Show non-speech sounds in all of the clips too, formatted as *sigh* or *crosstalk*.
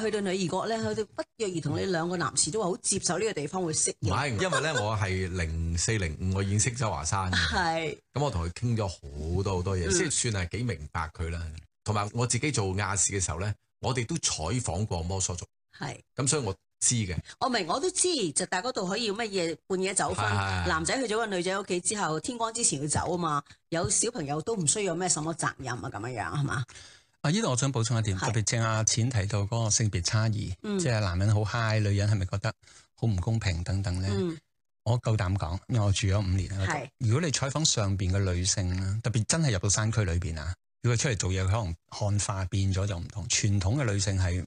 去到女兒國咧，佢哋不約而同，你兩個男士都話好接受呢個地方會適應。唔係，因為咧， *laughs* 我係零四零五，我已經認識周華山嘅。咁是我同佢傾咗好多好多嘢，嗯、即係算係幾明白佢啦。同埋我自己做亞視嘅時候咧，我哋都採訪過摩梭族。係是。咁所以我知嘅。我明，我都知，就大嗰度可以乜嘢半夜走翻，是是男仔去咗個女仔屋企之後，天光之前要走啊嘛。有小朋友都唔需要咩什,什麼責任啊，咁樣樣係嘛？啊！呢度我想補充一點，是特別正阿、啊、錢提到嗰個性別差異，嗯、即係男人好 high，女人係咪覺得好唔公平等等咧？嗯、我夠膽講，因為我住咗五年啦。嗯、如果你採訪上邊嘅女性啦，特別真係入到山區裏邊啊，如果出嚟做嘢，佢可能漢化變咗就唔同。傳統嘅女性係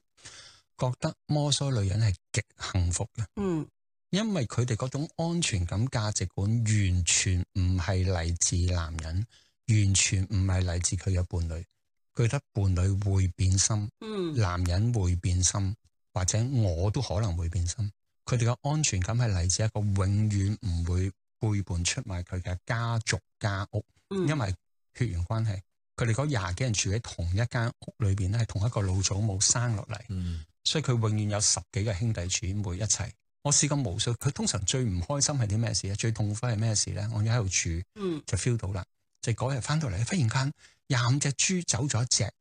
覺得摩梭女人係極幸福嘅，嗯，因為佢哋嗰種安全感價值觀完全唔係嚟自男人，完全唔係嚟自佢嘅伴侶。佢得伴侶會變心，男人會變心，或者我都可能會變心。佢哋嘅安全感係嚟自一個永遠唔會背叛出賣佢嘅家族家屋，嗯、因為血緣關係，佢哋嗰廿幾人住喺同一間屋裏邊咧，係同一個老祖母生落嚟，嗯、所以佢永遠有十幾個兄弟姊妹一齊。我試過無數，佢通常最唔開心係啲咩事啊？最痛苦係咩事咧？我一喺度住就 feel 到啦。嗯就嗰日翻到嚟，忽然間廿五隻豬走咗一隻，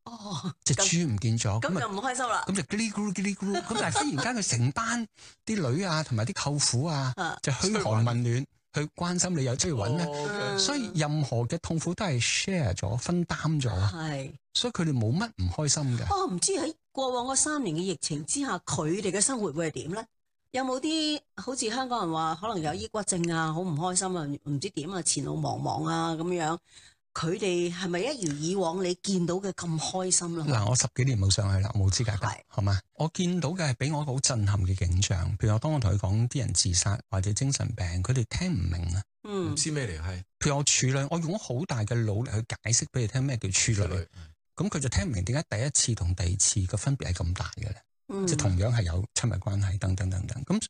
隻豬唔見咗，咁就唔開心啦。咁就嘰哩咕嚕嘰哩咕嚕，咁但係忽然間佢成班啲女啊，同埋啲舅父啊，就噓寒問暖， *laughs* 去關心你有出去揾咩，哦 okay. 所以任何嘅痛苦都係 share 咗，分擔咗。係是，所以佢哋冇乜唔開心噶。哦、啊，唔知喺過往嗰三年嘅疫情之下，佢哋嘅生活會係點咧？有冇啲好似香港人話可能有抑鬱症啊，好唔開心啊，唔知點啊，前路茫茫啊咁樣？佢哋係咪一如以往你見到嘅咁開心咧、啊？嗱，我十幾年冇上去啦，冇資格講，是好嘛？我見到嘅係俾我一個好震撼嘅景象。譬如我當我同佢講啲人自殺或者精神病，佢哋聽唔明啊，唔、嗯、知咩嚟。係，譬如我處女，我用咗好大嘅努力去解釋俾佢聽咩叫處女。咁佢的就聽唔明點解第一次同第二次嘅分別係咁大嘅咧。即、嗯、同樣係有親密關係等等等等，咁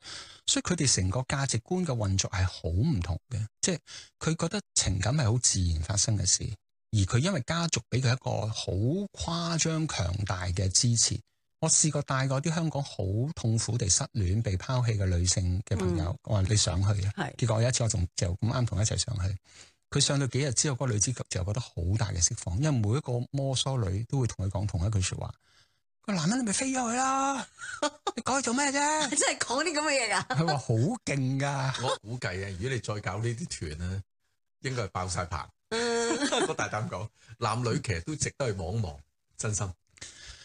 所以佢哋成個價值觀嘅運作係好唔同嘅，即係佢覺得情感係好自然發生嘅事，而佢因為家族俾佢一個好誇張強大嘅支持。我試過帶過啲香港好痛苦地失戀被拋棄嘅女性嘅朋友，嗯、我話你上去啊，是結果有一次我仲就咁啱同一齊上去，佢上到幾日之後，嗰、嗰個女子就覺得好大嘅釋放，因為每一個摩梭女都會同佢講同一句説話。個男人你咪飛咗佢啦，你講佢做咩啫？ *laughs* 你真係講啲咁嘅嘢啊！佢話好勁㗎，我估計啊，如果你再搞呢啲團咧，應該係爆晒棚。我 *laughs* *laughs* 大膽講，男女其實都值得去望一望，真心。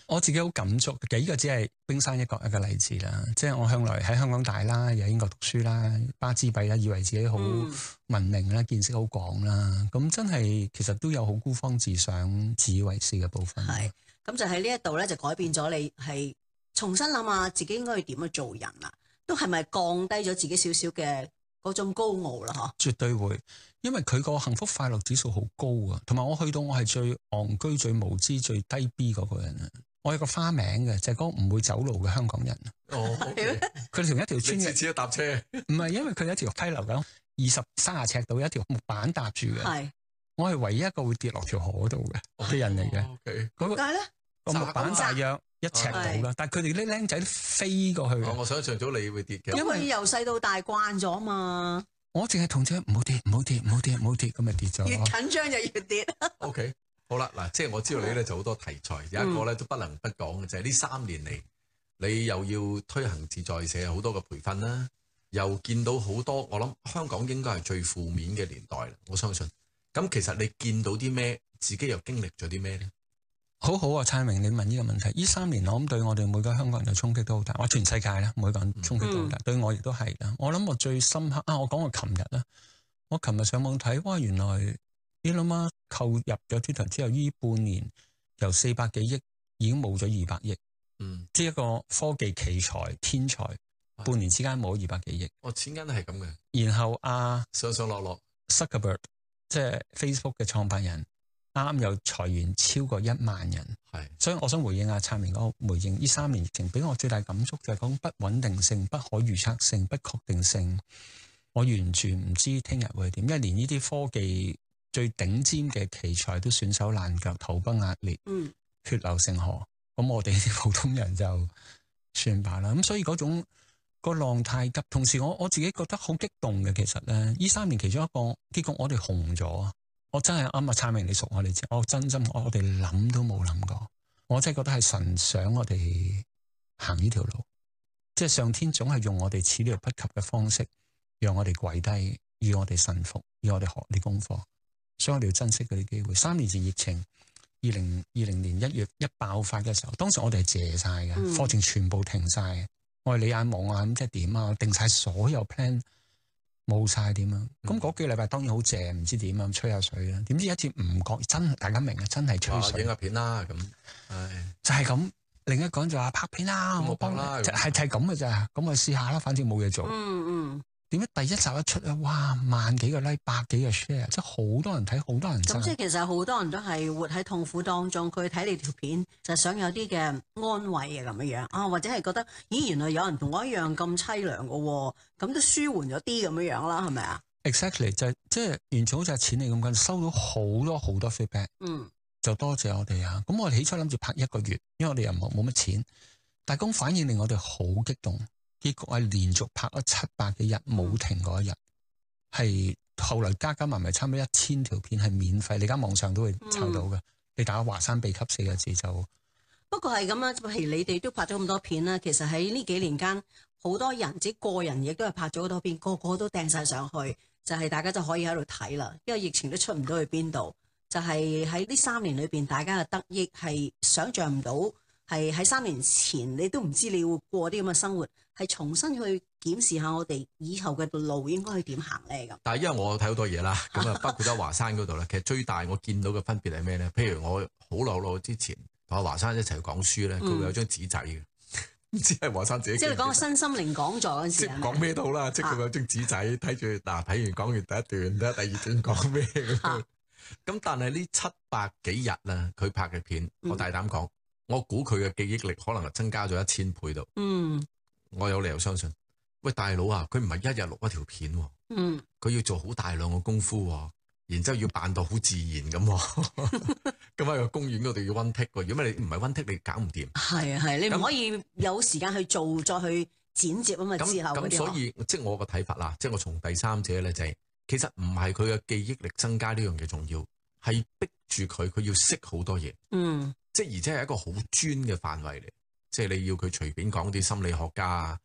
我自己好感觸，幾、這個只係冰山一角一個例子啦。即、就、係、是、我向來喺香港大啦，又喺英國讀書啦，巴之閉啦，以為自己好文明啦，嗯、見識好廣啦，咁真係其實都有好孤芳自賞、自以為是嘅部分。係。咁就喺呢一度咧，就改變咗你係重新諗下自己應該要點去做人啦，都係咪降低咗自己少少嘅嗰種高傲啦？嗬？絕對會，因為佢個幸福快樂指數好高啊！同埋我去到我係最戇居、最無知、最低 B 嗰個人啊！我有個花名嘅，就係嗰個唔會走路嘅香港人。哦，係咧，佢哋同一條村嘅，只係搭車。唔係因為佢有一條梯樓咁，二十三十尺度有一條木板搭住嘅。係。我係唯一一個會跌落條河度嘅嘅人嚟嘅。點解咧？Okay 那個、個木板大約一尺到啦，啊、但係佢哋啲僆仔飛過去、哦、我想象到你會跌嘅，因為你由細到大慣咗嘛。我淨係同張唔好跌，唔好跌，唔好跌，唔好跌，咁咪跌咗。跌跌越緊張就越跌。 *laughs* o、okay, K，好啦，嗱，即係我知道你咧就好多題材，嗯、有一個咧都不能不講嘅就係、是、呢三年嚟，你又要推行自在社好多嘅培訓啦，又見到好多，我諗香港應該係最負面嘅年代啦，我相信。咁其實你見到啲咩？自己又經歷咗啲咩咧？好好啊，燦榮，你問呢個問題。呢三年我諗對我哋每個香港人嘅衝擊都好大，我全世界啦，每個人衝擊都好大。嗯、對我亦都係啦。我諗我最深刻啊，我講我琴日啦，我琴日上網睇，哇，原來你諗啊，購入咗 Twitter 之後，呢半年由四百幾億已經冇咗二百億。嗯，呢一個科技奇才天才，半年之間冇二百幾億。我錢梗都係咁嘅。然後啊，上上落落。即係 Facebook 嘅創辦人，啱有裁員超過一萬人，係的，所以我想回應啊，燦榮嗰個回應呢三年疫情，俾我最大感觸就係講不穩定性、不可預測性、不確定性，我完全唔知聽日會點，因為連呢啲科技最頂尖嘅奇才都損手爛腳、土崩瓦裂、嗯、血流成河，咁我哋啲普通人就算罷啦，咁所以嗰種。個浪太急，同時我我自己覺得好激動嘅。其實咧，呢三年其中一個結局我哋紅咗。我真係啱啊！蔡明，你熟我哋知。我真心，我哋諗都冇諗過。我真係覺得係神想我哋行呢條路，即係上天總係用我哋始料不及嘅方式，讓我哋跪低，要我哋順服，要我哋學啲功課。所以我哋要珍惜嗰啲機會。三年前疫情，二零二零年一月一爆發嘅時候，當時我哋係謝晒嘅，課程全部停晒。我哋、哎、你眼望啊，咁即係點啊？定晒所有 plan，冇晒點啊？咁嗰、嗯、幾個禮拜當然好正，唔知點啊？吹下水啊？點知一次唔覺，真大家明啊？真係吹水。影下、啊、片啦、啊，咁、嗯。唉就係咁，另一個人就話拍片冇、啊、拍啦，係就係咁嘅咋？咁、嗯、我試下啦，反正冇嘢做。嗯嗯。嗯點解第一集一出啊，哇，萬幾個 like，百幾個 share，即係好多人睇，好多人。咁即係其實好多人都係活喺痛苦當中，佢睇你條片就想有啲嘅安慰啊咁樣樣啊，或者係覺得咦，原來有人同我一樣咁淒涼噶，咁都舒緩咗啲咁樣樣啦，係咪啊？Exactly 就係、即係完全好似係錢嚟咁緊，收到好多好多 feedback，嗯，就多謝我哋啊。咁我起初諗住拍一個月，因為我哋又冇冇乜錢，但係咁反應令我哋好激動。結局係連續拍咗七百幾日冇停過一日，係後來加加埋埋差唔多一千條片係免費，你而家網上都會搜到嘅。嗯、你打華山秘笈四個字就。不過係咁啦，譬如你哋都拍咗咁多片啦，其實喺呢幾年間，好多人即係個人亦都係拍咗好多片，個個都掟晒上去，就係、是、大家就可以喺度睇啦。因為疫情都出唔到去邊度，就係喺呢三年裏邊，大家嘅得益係想象唔到。係喺三年前，你都唔知你會過啲咁嘅生活，係重新去檢視下我哋以後嘅路應該去點行咧咁。但係因為我睇好多嘢啦，咁啊包括喺華山嗰度啦， *laughs* 其實最大我見到嘅分別係咩咧？譬如我好耐好耐之前同阿華山一齊講書咧，佢會有張紙仔嘅，唔、嗯、知係華山自己記記。即係你講個身心靈講座嗰陣時講咩都好啦，啊、即係佢有張紙仔睇住，嗱睇、啊、完講完第一段，睇下第二段講咩。咁、啊啊、但係呢七百幾日啊，佢拍嘅片，我大膽講。嗯我估佢嘅記憶力可能係增加咗一千倍度。嗯，我有理由相信。喂，大佬啊，佢唔係一日錄一條片。嗯，佢要做好大量嘅功夫，然之後要扮到好自然咁。咁喺個公園嗰度要溫剔，如果你唔係溫剔，你搞唔掂。係啊係，你唔可以有時間去做，再去剪接啊嘛。之後咁， *laughs* 所以即係我個睇法啦，即係我從第三者咧就係，其實唔係佢嘅記憶力增加呢樣嘢重要，係逼。住佢，佢要識好多嘢，嗯，即係而且係一個好專嘅範圍嚟，即係你要佢隨便講啲心理學家啊，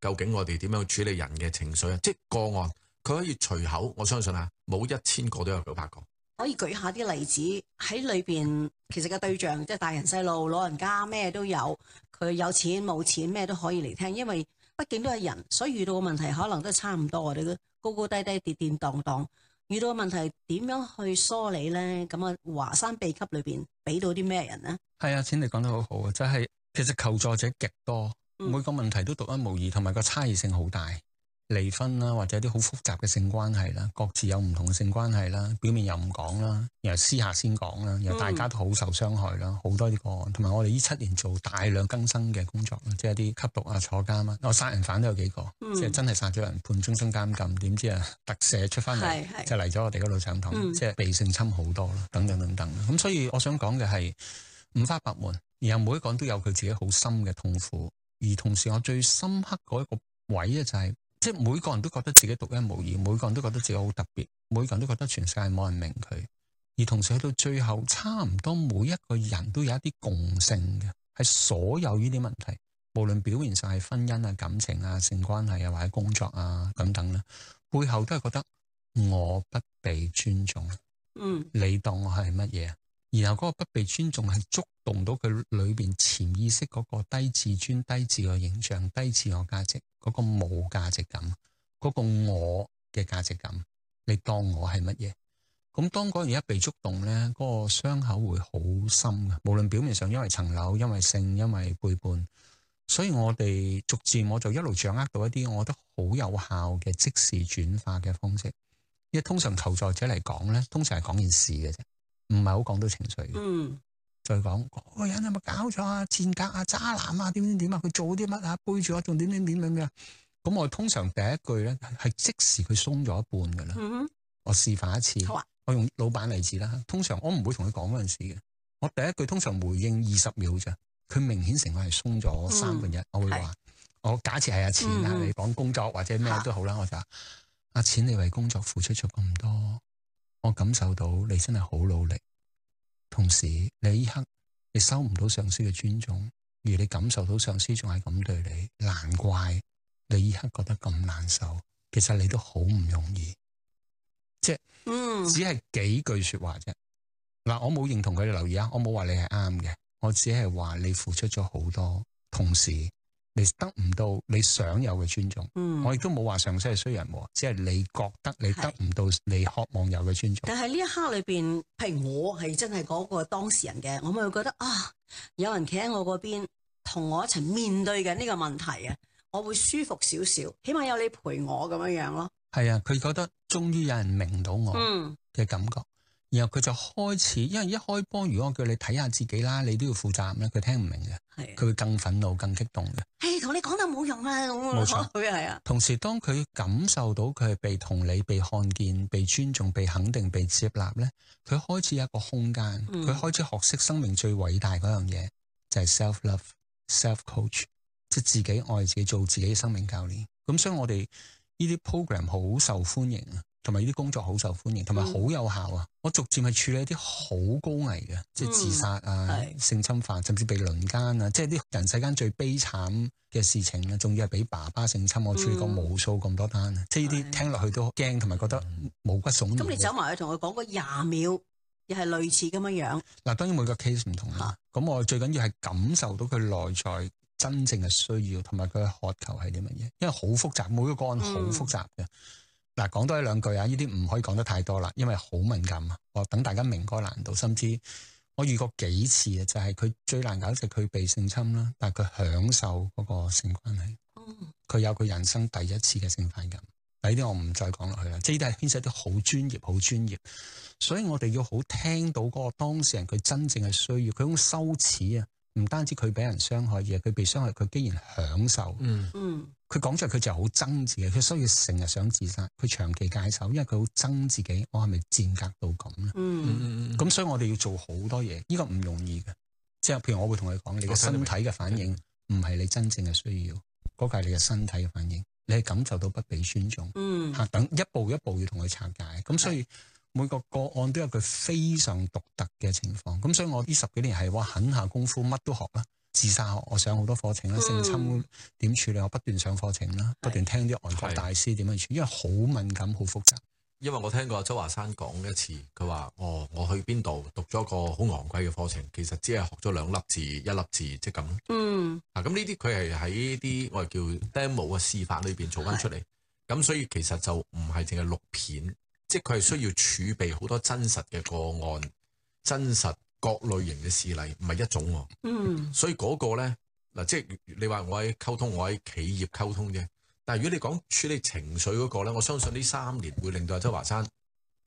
究竟我哋點樣處理人嘅情緒啊？即係個案，佢可以隨口，我相信啊，冇一千個都有九百個。可以舉下啲例子喺裏邊，裏面其實個對象即係、就是、大人、細路、老人家咩都有，佢有錢冇錢咩都可以嚟聽，因為畢竟都係人，所以遇到嘅問題可能都係差唔多，我哋都高高低低跌跌蕩蕩。遇到嘅問題點樣去梳理咧？咁啊，華山秘笈裏邊俾到啲咩人咧？係啊，錢你講得好好啊，即係其實求助者極多，每個問題都獨一無二，同埋個差異性好大。離婚啦，或者啲好複雜嘅性關係啦，各自有唔同嘅性關係啦，表面又唔講啦，然後私下先講啦，然後大家都好受傷害啦，好、嗯、多啲個案，同埋我哋呢七年做大量更新嘅工作，即係啲吸毒啊、坐監啊，我、哦、殺人犯都有幾個，嗯、即係真係殺咗人判終身監禁，點知啊特赦出翻嚟、嗯、就嚟咗我哋嗰度上堂，嗯、即係被性侵好多咯，等等等等。咁、嗯、所以我想講嘅係五花八門，然後每一個人都有佢自己好深嘅痛苦，而同時我最深刻嗰一個位咧就係、是。即係每個人都覺得自己獨一無二，每個人都覺得自己好特別，每個人都覺得全世界冇人明佢。而同時去到最後，差唔多每一個人都有一啲共性嘅，係所有呢啲問題，無論表現上係婚姻啊、感情啊、性關係啊，或者工作啊等等咧，背後都係覺得我不被尊重。嗯，你當我係乜嘢？然後嗰個不被尊重係觸動到佢裏邊潛意識嗰個低自尊、低自我形象、低自我價值嗰個冇價值感，嗰個我嘅價值感，你當我係乜嘢？咁當嗰樣一被觸動呢，嗰個傷口會好深嘅。無論表面上因為層樓、因為性、因為背叛，所以我哋逐漸我就一路掌握到一啲我覺得好有效嘅即時轉化嘅方式。因為通常求助者嚟講呢，通常係講件事嘅啫。唔係好講到情緒嘅，嗯、再講嗰、嗰個人有冇搞錯啊？賤格啊！渣男啊！點點點啊！佢做啲乜啊？背住我仲點點點咁樣，咁樣？咁我通常第一句咧係即時佢鬆咗一半噶啦。嗯、哼我示範一次，啊、我用老闆例子啦。通常我唔會同佢講嗰陣時嘅，我第一句通常回應二十秒啫。佢明顯成個係鬆咗三分一、嗯，我會話我假設係阿錢，嗯、你講工作或者咩都好啦，我就阿錢、啊啊啊，你為工作付出咗咁多。我感受到你真係好努力，同時你依刻你收唔到上司嘅尊重，而你感受到上司仲係咁對你，難怪你依刻覺得咁難受。其實你都好唔容易，即係，嗯，只係幾句說話啫。嗱，我冇認同佢哋留意啊，我冇話你係啱嘅，我只係話你付出咗好多同，同時。你得唔到你想有嘅尊重，嗯，我亦都冇話上司係衰人，只係你覺得你得唔到你渴望有嘅尊重。但係呢一刻裏邊，譬如我係真係嗰個當事人嘅，我咪會覺得啊，有人企喺我嗰邊，同我一齊面對緊呢個問題啊，我會舒服少少，起碼有你陪我咁樣樣咯。係啊，佢覺得終於有人明到我嘅感覺。嗯。然後佢就開始，因為一開波，如果我叫你睇下自己啦，你都要負責任咧，佢聽唔明嘅，佢的會更憤怒、更激動嘅。誒，同你講就冇用啦，啊，冇錯，係啊錯。同時，當佢感受到佢被同理、被看見、被尊重、被肯定、被接納咧，佢開始有一個空間，佢、嗯、開始學識生命最偉大嗰樣嘢，就係、是、self love self、self coach，即係自己愛自己、做自己嘅生命教練。咁所以，我哋呢啲 program 好受歡迎啊。同埋呢啲工作好受歡迎，同埋好有效啊！嗯、我逐漸係處理一啲好高危嘅，即係自殺啊、嗯、性侵犯，甚至被輪奸啊，即係啲人世間最悲慘嘅事情啊！仲要係俾爸爸性侵，我處理過無數咁多單，嗯、即係呢啲聽落去都驚，同埋、嗯、覺得毛骨悚然。咁你走埋去同佢講個廿秒，又係類似咁樣樣。嗱，當然每個 case 唔同啦。咁、啊、我最緊要係感受到佢內在真正嘅需要，同埋佢嘅渴求係啲乜嘢？因為好複雜，每個個案好複雜嘅。嗯嗱，講多一兩句啊！呢啲唔可以講得太多啦，因為好敏感啊。我等大家明個難度，甚至我遇過幾次啊，就係佢最難搞就係佢被性侵啦，但係佢享受嗰個性關係。佢有佢人生第一次嘅性快感。呢啲我唔再講落去啦。即係呢啲係牽涉啲好專業，好專業。所以我哋要好聽到嗰個當事人佢真正嘅需要，佢種羞恥啊。唔單止佢俾人傷害，而佢被傷害，佢竟然享受。嗯嗯，佢講出嚟，佢就好憎自己，佢需要成日想自殺，佢長期戒手，因為佢好憎自己。我係咪賤格到咁咧？嗯嗯嗯，咁、嗯、所以我哋要做好多嘢，呢、這個唔容易嘅。即係譬如我會同佢講，你嘅身體嘅反應唔係你真正嘅需要，嗰、那個係你嘅身體嘅反應，你係感受到不被尊重。嗯，吓等一步一步要同佢拆解，咁所以。嗯每個個案都有佢非常獨特嘅情況，咁所以我呢十幾年係哇狠下功夫，乜都學啦，自殺學，我上好多課程啦，性侵點處理，我不斷上課程啦，不斷聽啲外國大師點樣處理，因為好敏感，好複雜。因為我聽過周華山講一次，佢話：哦，我去邊度讀咗個好昂貴嘅課程，其實只係學咗兩粒字，一粒字即係咁。嗯，嗱咁呢啲佢係喺啲我哋叫 demo 嘅示範裏邊做翻出嚟，咁所以其實就唔係淨係錄片。即係佢係需要儲備好多真實嘅個案，真實各類型嘅事例，唔係一種喎、啊。嗯。所以嗰個咧，嗱，即係你話我喺溝通，我喺企業溝通啫。但係如果你講處理情緒嗰個咧，我相信呢三年會令到阿周華山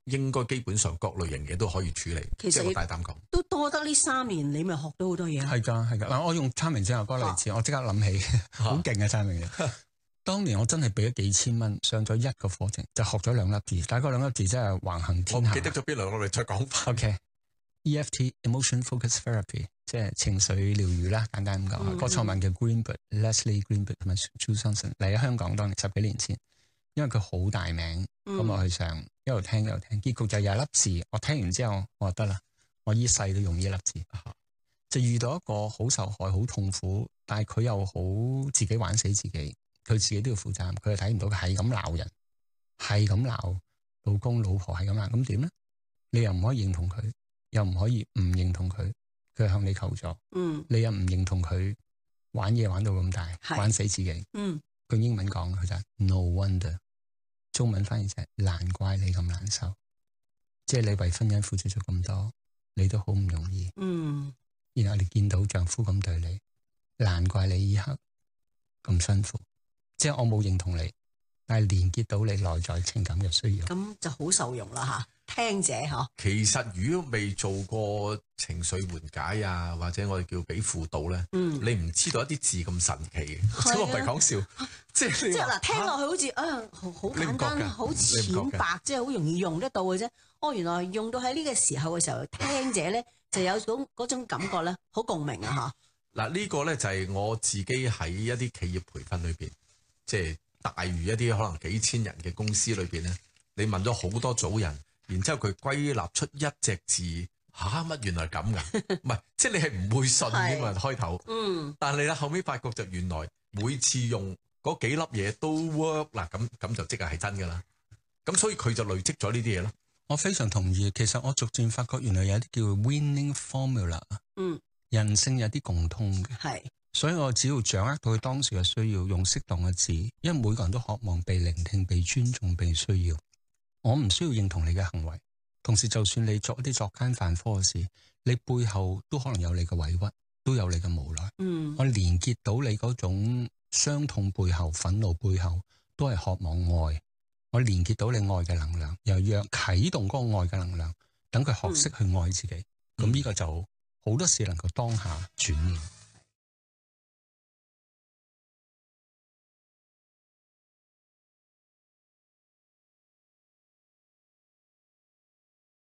應該基本上各類型嘅都可以處理，其實我大膽講。都多得呢三年，你咪學到好多嘢。係㗎，係㗎。嗱，我用參明正嗰個例子，啊、我即刻諗起，好 *laughs* 勁啊，參明正。 *laughs* 當年我真係俾咗幾千蚊上咗一個課程，就學咗兩粒字。但係嗰兩粒字真係橫行天下。我記得咗邊兩個，我哋再講翻。O、okay. K. E F T emotion focus therapy 即係情緒療愈啦，簡單咁講。個創、嗯、文嘅 Greenberg Leslie Greenberg 同埋 Johnson 嚟咗香港，當年十幾年前，因為佢好大名，咁我、嗯、去上，一路聽一路聽，結局就有一粒字。我聽完之後，我覺得啦，我依世都用依粒字。就遇到一個好受害、好痛苦，但係佢又好自己玩死自己。佢自己都要負責任，佢又睇唔到，係咁鬧人，係咁鬧老公老婆，係咁鬧，咁點呢？你又唔可以認同佢，又唔可以唔認同佢，佢向你求助，嗯，你又唔認同佢玩嘢玩到咁大，是玩死自己，嗯，佢英文講佢就 no wonder，中文翻譯就係難怪你咁難受，即係你為婚姻付出咗咁多，你都好唔容易，嗯，然後你見到丈夫咁對你，難怪你以後咁辛苦。即係我冇認同你，但係連結到你內在情感嘅需要，咁就好受用啦吓，聽者嗬。其實如果未做過情緒緩解啊，或者我哋叫俾輔導咧，嗯、你唔知道一啲字咁神奇，咁、嗯、我唔係講笑，啊、即係即係嗱，啊、聽落去好似啊、哎、好，好簡單，好淺白，即係好容易用得到嘅啫。哦，原來用到喺呢個時候嘅時候，聽者咧就有種嗰種感覺咧，好共鳴啊吓。嗱呢、嗯啊這個咧就係我自己喺一啲企業培訓裏邊。即係大於一啲可能幾千人嘅公司裏邊咧，你問咗好多組人，然之後佢歸納出一隻字嚇乜、啊、原來咁㗎？唔係 *laughs* 即係你係唔會信㗎嘛。是開頭，嗯。但係咧後尾發覺就原來每次用嗰幾粒嘢都 work 嗱、啊，咁咁就即係係真㗎啦。咁所以佢就累積咗呢啲嘢咯。我非常同意。其實我逐漸發覺原來有啲叫 winning formula 啊，嗯，人性有啲共通嘅，係。所以我只要掌握到佢當時嘅需要，用適當嘅字，因為每個人都渴望被聆聽、被尊重、被需要。我唔需要認同你嘅行為，同時就算你作一啲作奸犯科嘅事，你背後都可能有你嘅委屈，都有你嘅無奈。嗯，我連結到你嗰種傷痛背後、憤怒背後，都係渴望愛，我連結到你愛嘅能量，又要啟動嗰個愛嘅能量，等佢學識去愛自己。咁呢、嗯、個就好多事能夠當下轉變。